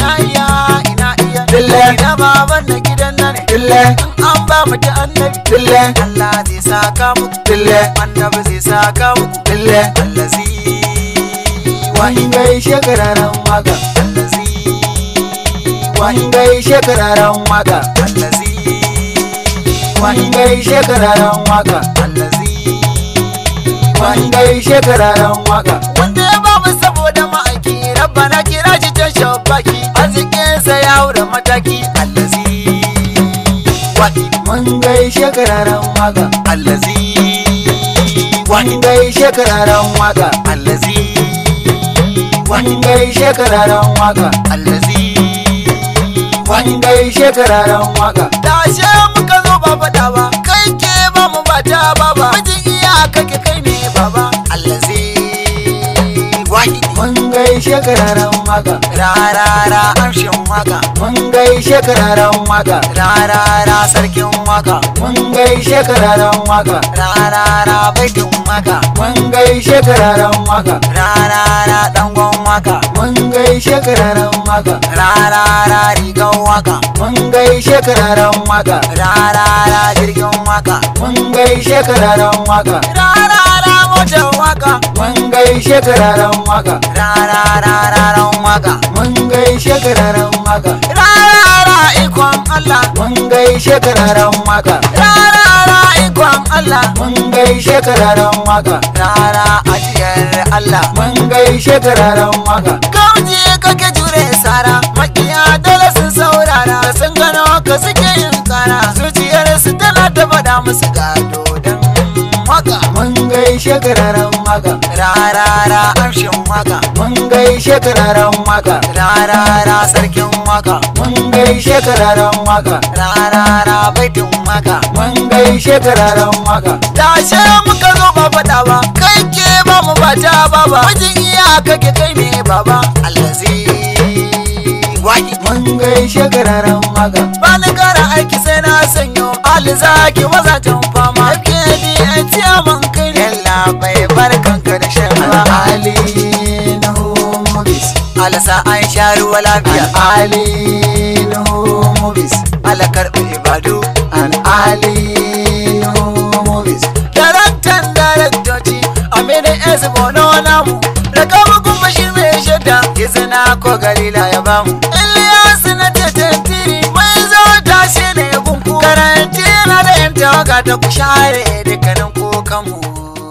ina iya ina iya dille ina baban na gidan nan dille an ba mu ta annabi dille Allah zai saka muku dille annabi zai saka muku dille allazi wahin gai shekararan waka allazi wahin gai shekararan waka allazi wahin gai shekararan waka allazi wahin gai shekararan waka wanda ya ba mu mun gaishe kararen waka allazi mun gaishe kararen waka allazi mun gaishe kararen waka allazi mun gaishe kararen waka dashe mu gaishe kararrawan waka rarara amshin waka mun gaishe kararrawan waka rarara sarkin waka mun gaishe kararrawan waka rarara baitin waka mun gaishe kararrawan waka rarara dangon waka mun gaishe kararrawan waka rarara rigan waka mun gaishe kararrawan waka rarara jirgin waka mun gaishe kararrawan waka rarara motar waka gaishe ka raran waka raran waka mun gaishe ka raran waka rarara ikon Allah mun gaishe ka raran rarara ikon Allah mun gaishe ka waka rara ajiyar Allah mun gaishe ka raran waka kauji kake jure sara makiya dole sun saurara sun gano ka suke yin kara zuciyar su tana ta faɗa musu gado gaishe kararan maka rarara arshin maka mun gaishe kararan maka rarara sarkin maka mun gaishe kararan maka rarara baitin maka mun gaishe kararan maka tashe muka zo ba faɗa ba kai ke ba mu bata ba ba mijin iya kake kai ne baba allazi waki mun gaishe kararan maka ba ni kara aiki sai na sanyo ki wazajen fama ke ni a ciyaman sa an sha ruwa lafiya alinu movies ala karɓi ibadu an alinu movies daraktan daraktoci amina ez bono namu da kawo kuma shi mai shaida na ko galila ya bamu ilyas na tiri mai zo tashi ne gunku karanti na da yanta ga ta ku share kan mu